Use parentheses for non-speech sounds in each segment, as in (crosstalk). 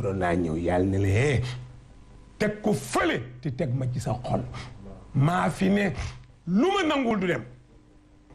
waroon naa ñëw yàlla ne la eh, teg ko fële ti teg ma ci sa xol maa fi ne lu ma nangul du dem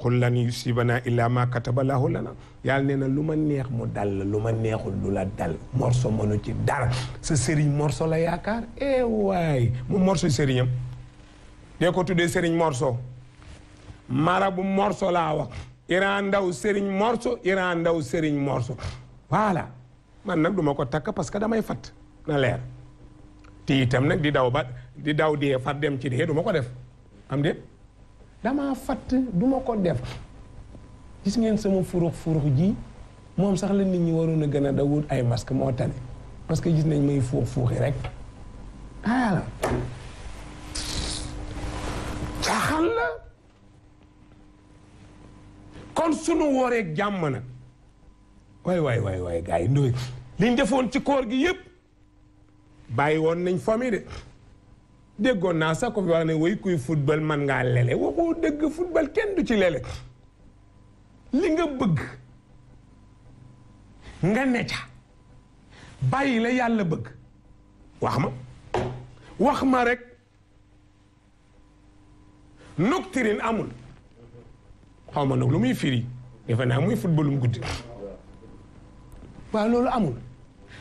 xul lan yusibana illa ma kataba lahu lana yàlla nee na lu ma neex mu dal la lu ma neexul du la dal morso mënu ci dara sa sëriñ morso la yaakaar eh waay mu morso sëriñam dee ko tuddee sëriñ morso marabu morso laa wax iran ndaw sëriñ morso iran ndaw sëriñ morso voilà man nag duma ko takk parce que damay fat na leer te itam nag di daw ba di daw dee fat dem ci dee du ko def am de damaa fat du ma ko def gis ngeen sama furux furux ji moom sax la nit ñi waroon a gën a dawut ay masque moo tane parce que gis nañ may fuux fuuxi rek ah caaxaan la kon sunu woreeg jàmm nag waay waaye waay waay gars yi ndooy liñ defoon ci koor gi yëpp bàyyi woon nañ famille de déggoon naa sax ko fi wax ne way kuy football man ngaa lele waxoo dëgg football kenn du ci lele li nga bëgg nga ne ca bàyyi la yàlla bëgg wax ma wax ma rek nocturne amul xaw ma nag lu muy firi defe naa muy footballum guddi waaw loolu amul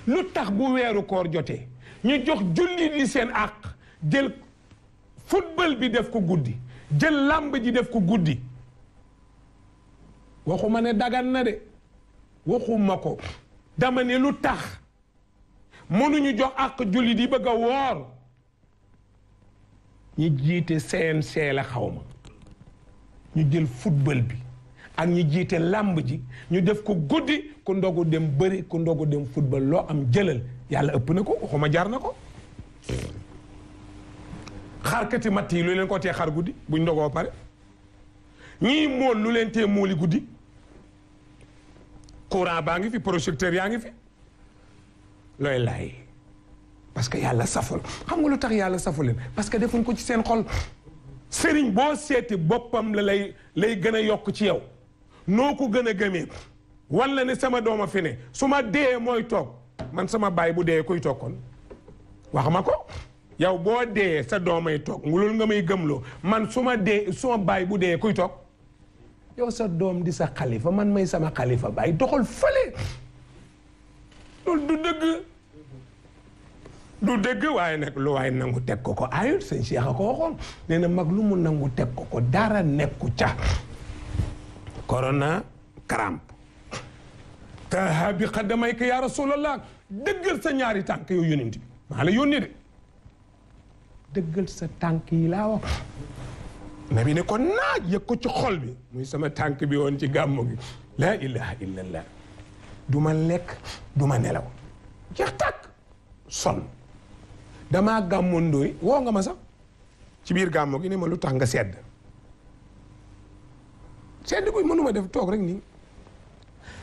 lu tax bu weeru koor jotee ñu jox jullit yi seen àq jël football bi def ko guddi jël làmb ji def ko guddi waxuma ne dagan na de waxuma ko dama ne lu tax mënuñu jox àq jullit yi bëgg a woor ñu jiite CNC la xaw ma ñu jël football bi ak ñu jiite làmb ji ñu def ko guddi ku ndogu dem bëri ku ndogu dem football loo am jëlal yàlla ëpp na ko waxuma jaar na ko xaarkati matt yi lu leen ko tee xar guddi buñ ndogoo pare ñii mool lu leen tee mooli guddi courant baa ngi fi projecteur yaa ngi fi looy laay parce que yàlla saful xam nga lu tax yàlla saful leen parce que defuñ ko ci seen xol sëriñ boo seeti boppam la lay lay gën a yokk ci yow noo ko gën a gëmee wala ne sama dooma fi ne su ma dee mooy toog man sama baay bu dee kuy toog wax ma ko yow boo dee sa doomay toog loolu nga may gëmloo man su ma dee su baay bu dee kuy toog yow sa doom di sa xalifa man may sama xalifa baay doxal fële loolu du dëgg du dëgg waaye nag lu waaye nangu teg ko ko ayut sëñ Cheikh a ko waxoon nee na mag lu mu nangu teg ko ko dara nekku ca corona crampe taaha bi xaddamayka yaa rasulallah dëggal sa ñaari tànk yow yonent bi maa la yónni de dëggal sa tànk yi laa wax nabi ne ko naaj yëg ko ci xol bi muy sama tànk bi woon ci gàmmu gi laa ilaha illallah du ma lekk du ma nelaw jeex tàkk sonn damaa gàmmandooy woo nga ma sax ci biir gàmmu gi ne ma lu tax nga sedd sedd guy mënuma def toog rek nii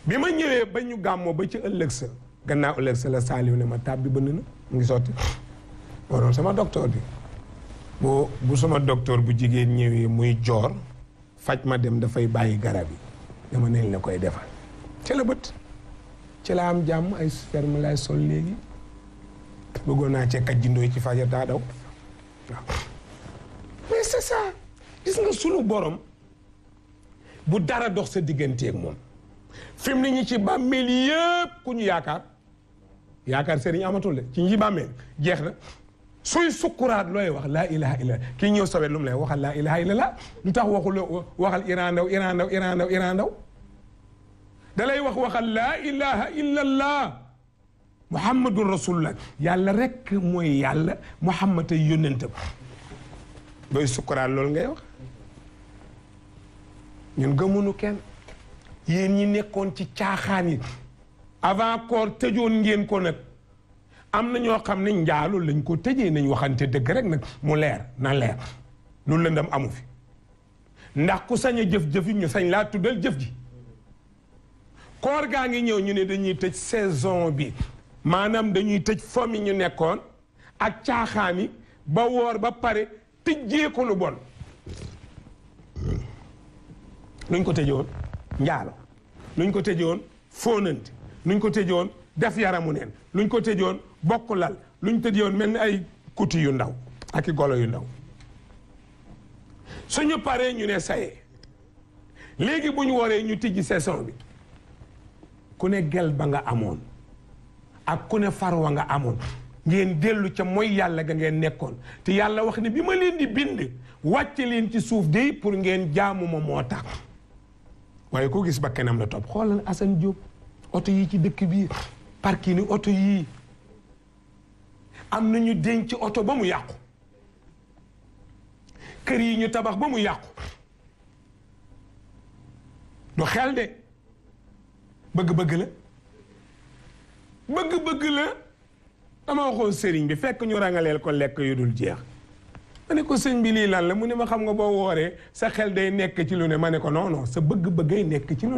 bi ma ñëwee ba ñu gàmmoo ba ci ëllëg sa gannaaw ëllëg sa la saaliw ne ma tàbbi ba bënn na mu ngi sotti moo sama docteur bi boo sama docteur bu jigéen ñëwee muy joor faj ma dem dafay bàyyi garab yi dama neen koy defal ci bët ci la am jàmm ay ferme lay sol léegi bëggoon naa cee kajjindoo yi ci fajar daa waaw mais c'est gis nga sunu borom bu dara dox sa digganteeg moom fi mu ñi ci bàmmeel yëpp ku ñu yaakaar yaakaar sëriñ amatul de ci ñi bàmmeel jeex na suy sukkuraat looy wax laa ilaha illa kii ñëw sawet lu mu lay waxal laa ilaha illa laa lu waxal iran ndaw iran ndaw iran wax waxal laa illa allah muhammadun rasulullah yàlla rek mooy yàlla muhammad ay yónnentam booy sukkuraat loolu ngay wax ñun gëmunu kenn yéen ñi nekkoon ci caaxaan yi avant koor tëjoon ngeen ko nag am na ñoo xam ne njaaloo lañ ko tëjee nañ waxante dëgg rek nag mu leer na leer lu lëndam amu fi ndax ku sañ a jëf-jëf ñu sañ laa tuddal jëf ji koor gaa ngi ñëw ñu ne dañuy tëj saison bi maanaam dañuy tëj fomm ñu nekkoon ak caaxaan yi ba woor ba pare tëjee ko lu bon nuñ ko tëjoon njaalo nuñ ko tëjoon fóonante nuñ ko tëjoon def yaramu neen luñ ko tëjoon bokk lal luñ tëjoon mel ni ay kuti yu ndaw ak i golo yu ndaw suñu paree ñu ne saye léegi bu ñu waree ñu tijji saison bi ku ne gel ba nga amoon ak ku ne farwa nga amoon ngeen dellu ca mooy yàlla ga ngeen nekkoon te yàlla wax ne bi ma leen di bind wàcce leen ci suuf de pour ngeen jaamu ma moo tax waaye koo gis bakkanam la topp xoolal Assane Diop oto yi ci dëkk bi parking oto yii am na ñu denc oto ba mu yàqu kër yi ñu tabax ba mu yàqu du xel de bëgg-bëgg la bëgg-bëgg la dama waxoon sëriñ bi fekk ñu rangaleel ko lekk yu dul jeex ma ne ko sëñ bi lii lan la mu ne ma xam nga boo wooree sa xel day nekk ci lu ma ne ko non sa bëgg-bëggay nekk ci lu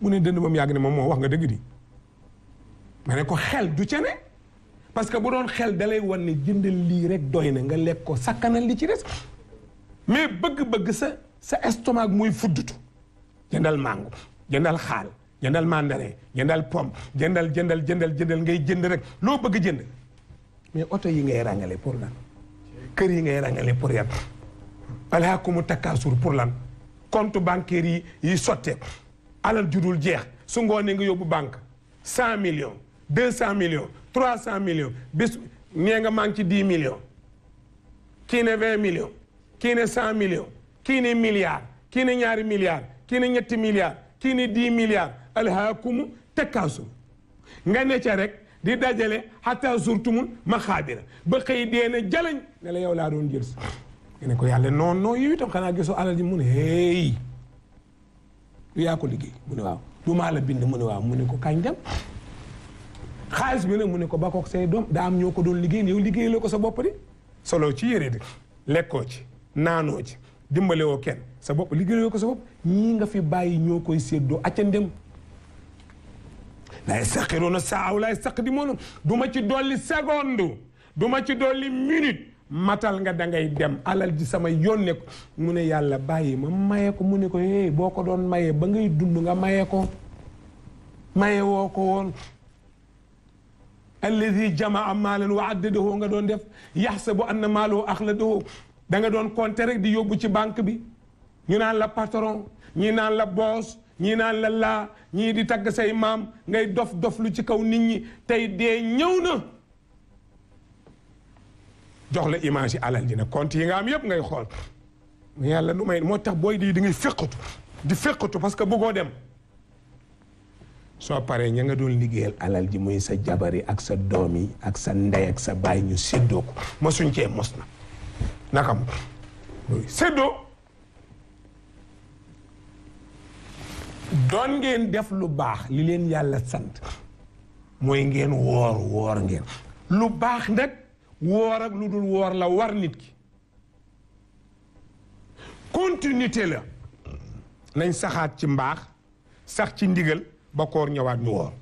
mu ne dënd ba mu moom moo wax nga dëgg di ne ko xel du ca parce que bu doon xel dalay wan ne jëndal lii rek doy na nga lekk ko sakkanal li ci des mais bëgg-bëgg sa sa estomac muy fuddutu jëndal mango jëndal xaal jëndal mandarin jëndal pom jëndal jëndal jëndal jëndal ngay jënd rek loo bëgg jënd mais oto yi ngay ràngale pour lan kër yi ngay rangale pour yan alhaakumu takaasur pour lan compte bancaire yi yi sotte alal judul jeex su ngoonee nga yóbbu banque cent millions deux cent millions trois cent millions bis nee nga maa ngi dix millions kii ne vingt millions kii ne cent millions kii ne milliards kii ne ñaari milliards kii ne ñetti milliards kii ne dix milliards alhaakumu takaasur nga ne ca rek di dajale xataa zurtumul maxaabira ba xëy dee na jalañ ne la laa doon jël si ne ko yàlla non non yow itam xanaa gisoo alal ji mu ne hey du yaa liggéey mu ne waaw du maa la bind mu ne waaw mu ne ko kañ dem xaalis bi nag mu ne ko ba kook say doom ñoo ko doon liggéey yow liggéey ko sa bopp di solo ci yére di lekkoo ci naanoo ci dimbalewoo kenn sa bopp liggéeyoo ko sa bopp ñii nga fi bàyyi ñoo koy séddoo acca ndem la yastaxiruuna saa wala yastaqdimuuna du ma ci dolli seconde du ma ci dolli minute matal nga dangay dem alal ji sama yónne ko mu ne yàlla bàyyi ma maye ko mu ne ko eh boo ko doon mayee ba ngay dund nga maye ko maye ko woon alladi jamaa maalan wa addadahu nga doon def yaxsabu anna maalahu axladahu da danga doon compter di yóbbu ci bank bi ñu naan la patron ñi naan la boss ñii naan la laa ñii di tagg say maam ngay dof dof ci kaw nit ñi tey dee ñëw na jox la image yi alal ji ne compte yi nga am yëpp ngay xool yàlla lu may moo tax booy di di ngay féqatu di féqatu parce que bëggoo dem soo paree ña nga doon liggéeyal alal ji muy sa jabari ak sa doom yi ak sa ndey ak sa baay ñu séddoo ko mosuñ cee mos na naka mu séddoo doon ngeen def lu baax li leen yàlla sant mooy ngeen woor woor ngeen lu baax nag woor ak lu dul woor la war nit ki continuité la nañ saxaat ci mbaax sax ci ndigal ba koor ñëwaat ñu woor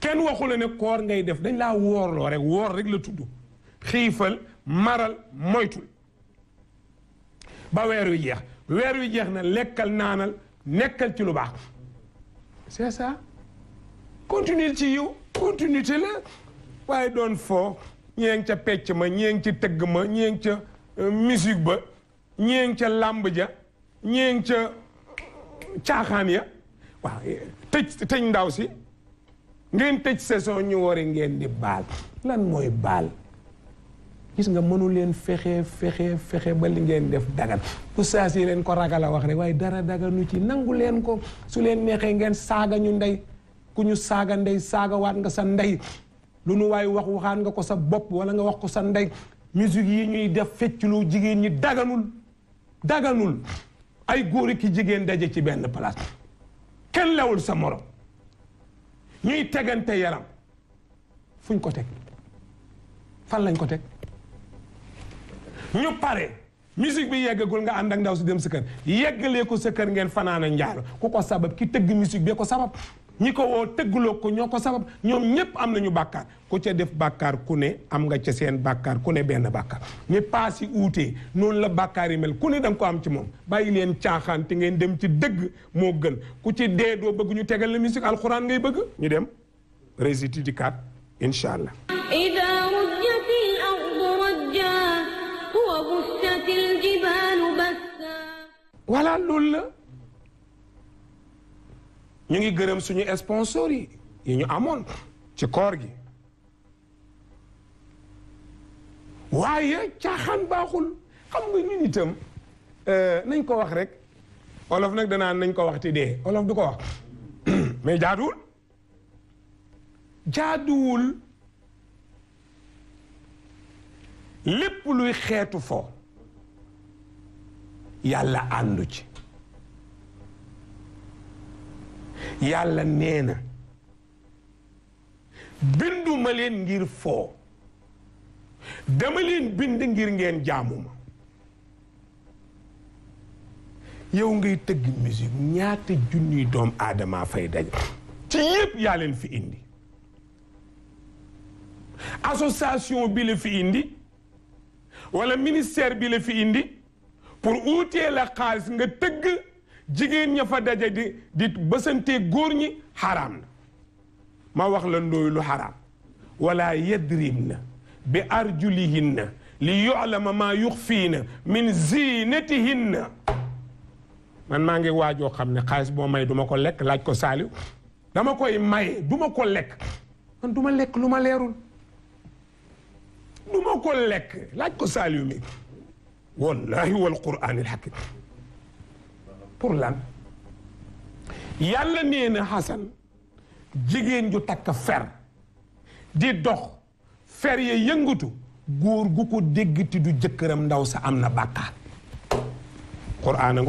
kenn waxu la ne koor ngay def dañ laa woorloo rek woor rek la tudd xiifal maral moytul ba weer wi jeex weer wi jeex na lekkal naanal nekkal ci lu baax c'est ça continue ci yiw continue te la waaye doon foo ñee ca pecc ma ñee ngi ca tëgg ma ñee ca musique ba ñee ca làmb ja ñee ca euh, caaxaan ya waaw eh, tëj tëj ndaw si ngeen tëj saison ñu wari ngeen di baal lan mooy baal gis nga mënu leen fexe fexe fexe ba li ngeen def dagan ustaas yi leen ko ragal a wax rek waaye dara daganu ci nangu leen ko su leen neexee ngeen saaga ñu ndey ku ñu saaga ndey saaga waat nga sa ndey lu nu waaye wax waxaan nga ko sa bopp wala nga wax ko sa ndey musique yi ñuy def fecc lu jigéen ñi daganul daganul ay góor ki jigéen daje ci benn place kenn lewul sa morom ñuy tegante yaram fuñ ko teg fan lañ ko teg ñu pare musique bi yeggagul nga ànd ak ndaw si dem sa kër lee ko sa kër ngeen fanaana njaalo ku ko sabab ki tëgg musique bee ko sabab ñi ko woo tëggloo ko ñoo ko sabab ñoom ñépp am na ñu bàkkaar ku ca def bàkkaar ku ne am nga ca seen bàkkaar ku ne benn bàkkaar ñi paas yi uutee noonu la bàkkaar yi mel ku ne da ko am ci moom bàyyi leen caaxaan te ngeen dem ci dëgg moo gën ku ci dee doo bëgg ñu tegal la musique alxuraan ngay bëgg ñu dem réciti di kat allah voilà loolu la ñu ngi gërëm suñu sponsors yi yi ñu amoon ci koor gi waaye caaxaan baaxul xam nga ñun itam euh, nañ ko wax rek olof nag danaan nañ ko wax te olof du ko wax (clears throat) mais jaaduwul jaaduwul lépp luy xeetu fo yàlla àndu ci yàlla nee na binduma leen ngir foo dama leen bind ngir ngeen jaamu yow ngay tëgg musique ñaata junniy doom aadama fay daj ci yépp yaa fi indi association bi la fi indi wala ministère bi la fi indi pour uutee la xaalis nga tëgg jigéen ña fa daje di di góor ñi xaraam na ma wax la ndooy lu xaraam wala yadribna bi arjulihinna li yulama maa yuxfiina min zinatihinna man maa ngi waajoo xam ne xaalis boo may duma ko lekk laaj ko saaliw dama koy maye duma ko lekk man duma lekk lu ma leerul duma ko lekk laaj ko saaliyu mi wallahi wal quraanil hakim pour lan yàlla nee na xasan jigéen ju takk fer di dox fer ya yëngatu góor gu ko déggati du jëkkëram ndaw sa am na bàkkaar quraan a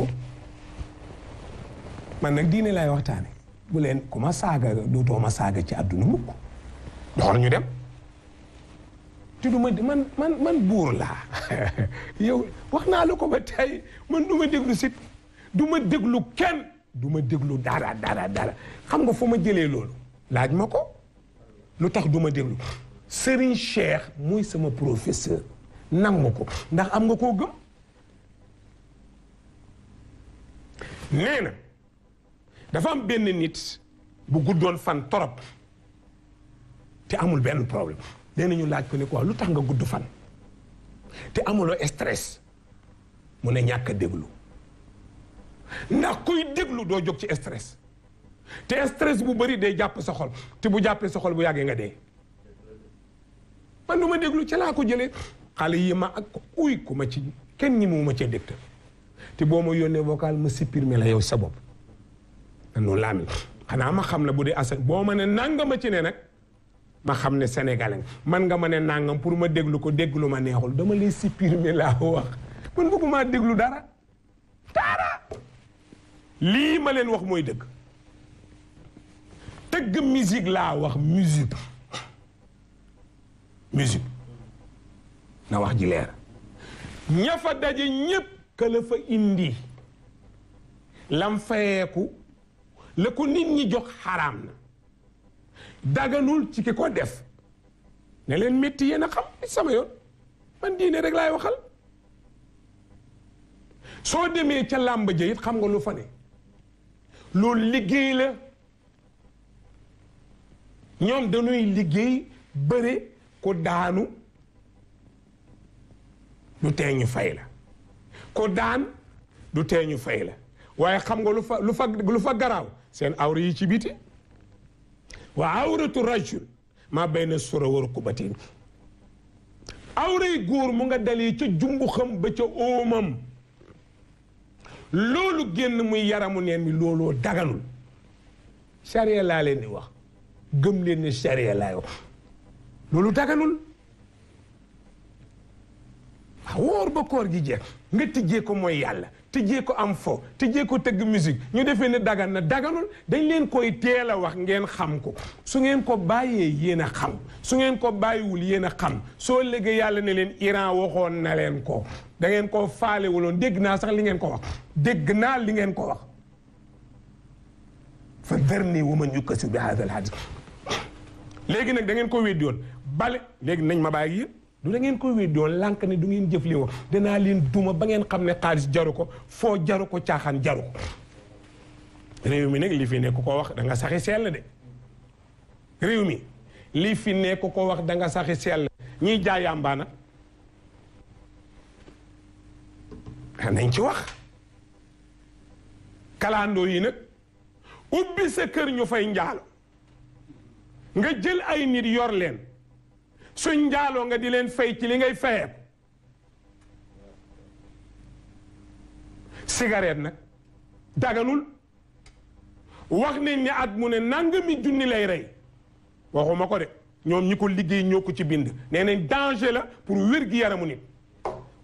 man nag diine lay waxtaane bu leen ku saaga dootoo ma saaga ci àdduna mukk doxal ñu dem te du ma man man man buur laa (laughs) wax naa la ko ba tey man du ma déglu sit du ma déglu kenn du ma déglu dara dara dara xam nga foo ma jëlee loolu laaj ma ko lu tax du ma déglu Serigne Cheikh muy sama professeur nangu ko ndax am nga koo gëm nee na dafa am benn nit bu guddoon fan torop te amul benn problème dinañu laaj ko ni ko lu tax nga gudd fan te amuloo stress mu ne ñàkk déglu ndax kuy déglu doo jog ci stress te stress bu bari day jàpp sa xol te bu jàppee sa xol bu yàggee nga dee man du ma déglu ci laa ko jële xaale yi ma ak uy ku ma ci kenn ñi mu ma cee dégtal te boo ma yónnee vocal ma supprimer la yow sa bopp man noonu laa mel xanaa ma xam ne bu dee asset boo ma ne nanga ma ci ne nag ma xam ne sénégalais man nga ma ne nangam pour ma déglu ko déglu ma neexul dama lay supprimer laa wax man bëgguma déglu dara dara lii leen wax mooy dëgg tëgg laa wax musique musique na wax ji leer ña fa daje ñépp ka la fa indi lam fayeeku la ko nit ñi jox xaram na daganul ci ki ko def ne leen métti yéen a xam sama yoon man diine rek lay waxal soo demee ca làmb ja it xam nga lu fa ne loolu liggéey la ñoom dañuy liggéey bëre ko daanu du teeñu fay la ko daan du tee fay la waaye xam nga lu fa lu fa lu fa garaaw seen awra yi ci biti wa awratu rajul maa bayna sura war kubatin awray góor mu nga dalee ca jumbu xam ba ca óomam loolu génn muy yaramu neen mi looloo daganul sariya laa leen di wax gëm leen ne sariya laay wax loolu daganul wóor ba koor gi jeex nga tijjee ko mooy yàlla tijjee ko am fo tijjee ko tëgg musique ñu defee ne dagan na daganul dañ leen koy teel a wax ngeen xam ko su ngeen ko bàyyee yéen a xam su ngeen ko bàyyiwul yéen a xam soo léegi yàlla ne leen Iran waxoon na leen ko da ngeen ko faalewuloon dégg naa sax li ngeen ko wax dégg naa li ngeen ko wax fa darni wa man yukazzibu bi haadha al-hadiis léegi nag da ngeen ko weddi woon bale léegi nañ ma bàyyi yéen du da ngeen koy wéy doon lànk ne du ngeen jëf li wax danaa leen duma ba ngeen xam ne xaalis jaru ko foo jaru ko caaxaan jaru ko réew mi nag li fi nekk ko wax danga nga saxi sell de réew mi li fi nekk ko wax da nga sell ñiy jaay yàmbaana nañ ci wax kalandoo yi nag ubbi sa kër ñu fay njaalo nga jël ay nit yor leen suñ njaaloo nga di leen fay ci li ngay fayee cigarette nag daganul wax nañ ne at mu ne nangami junni lay rey waxuma ko de ñoom ñi ko liggéey ñoo ko ci bind nee nañ danger la pour wér-gi-yaramu nit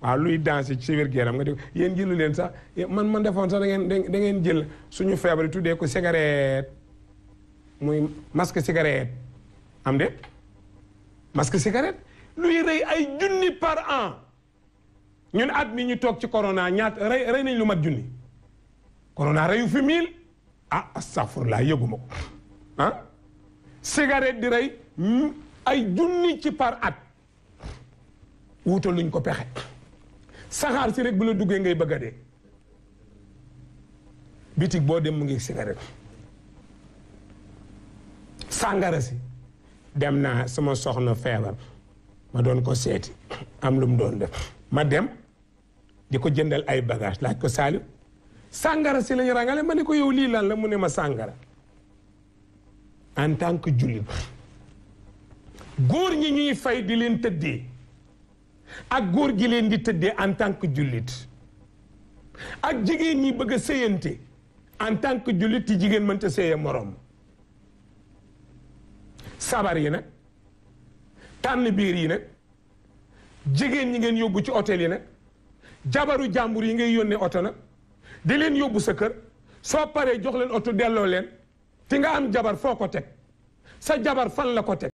waaw luy danger ci wér-gi-yaram nga dégg yéen jëlu leen sax man ma defoon sax da ngeen da ngeen jël suñu feebar yi tuddee ko cigarette muy masque cigarette am de parce que cigarette luy rey ay junni par an ñun at mi ñu toog ci corona ñaat rey rey nañ lu mat junni corona reyu fi mille ah astafurlaa yëguma ko ah cigarette di rey ay junni ci par at wutal luñ ko pexe saxaar si rek bu la duggee ngay bëgg a dee bitig boo dem mu ngi cigarette sàngara si dem naa sama soxna feebar ma doon ko seeti am lu mu doon def ma dem di ko jëndal ay bagage laaj ko Saliou sàngara si lañu rangale ma ne ko yow lii lan la mu ne ma sàngara en tant jullit góor ñi ñuy fay di leen tëddee ak góor gi leen di tëddee en tant que jullit ak jigéen ñi bëgg a séyante en tant que jullit yi jigéen mënta séye moroom sabar yi nag tànn biir yi nag jigéen ñi ngeen yóbbu ci hôtel yi nag jabaru jàmbur yi ngay yónnee oto nag di leen yóbbu sa kër soo paree jox leen oto delloo leen ti nga am jabar foo ko teg sa jabar fan la ko teg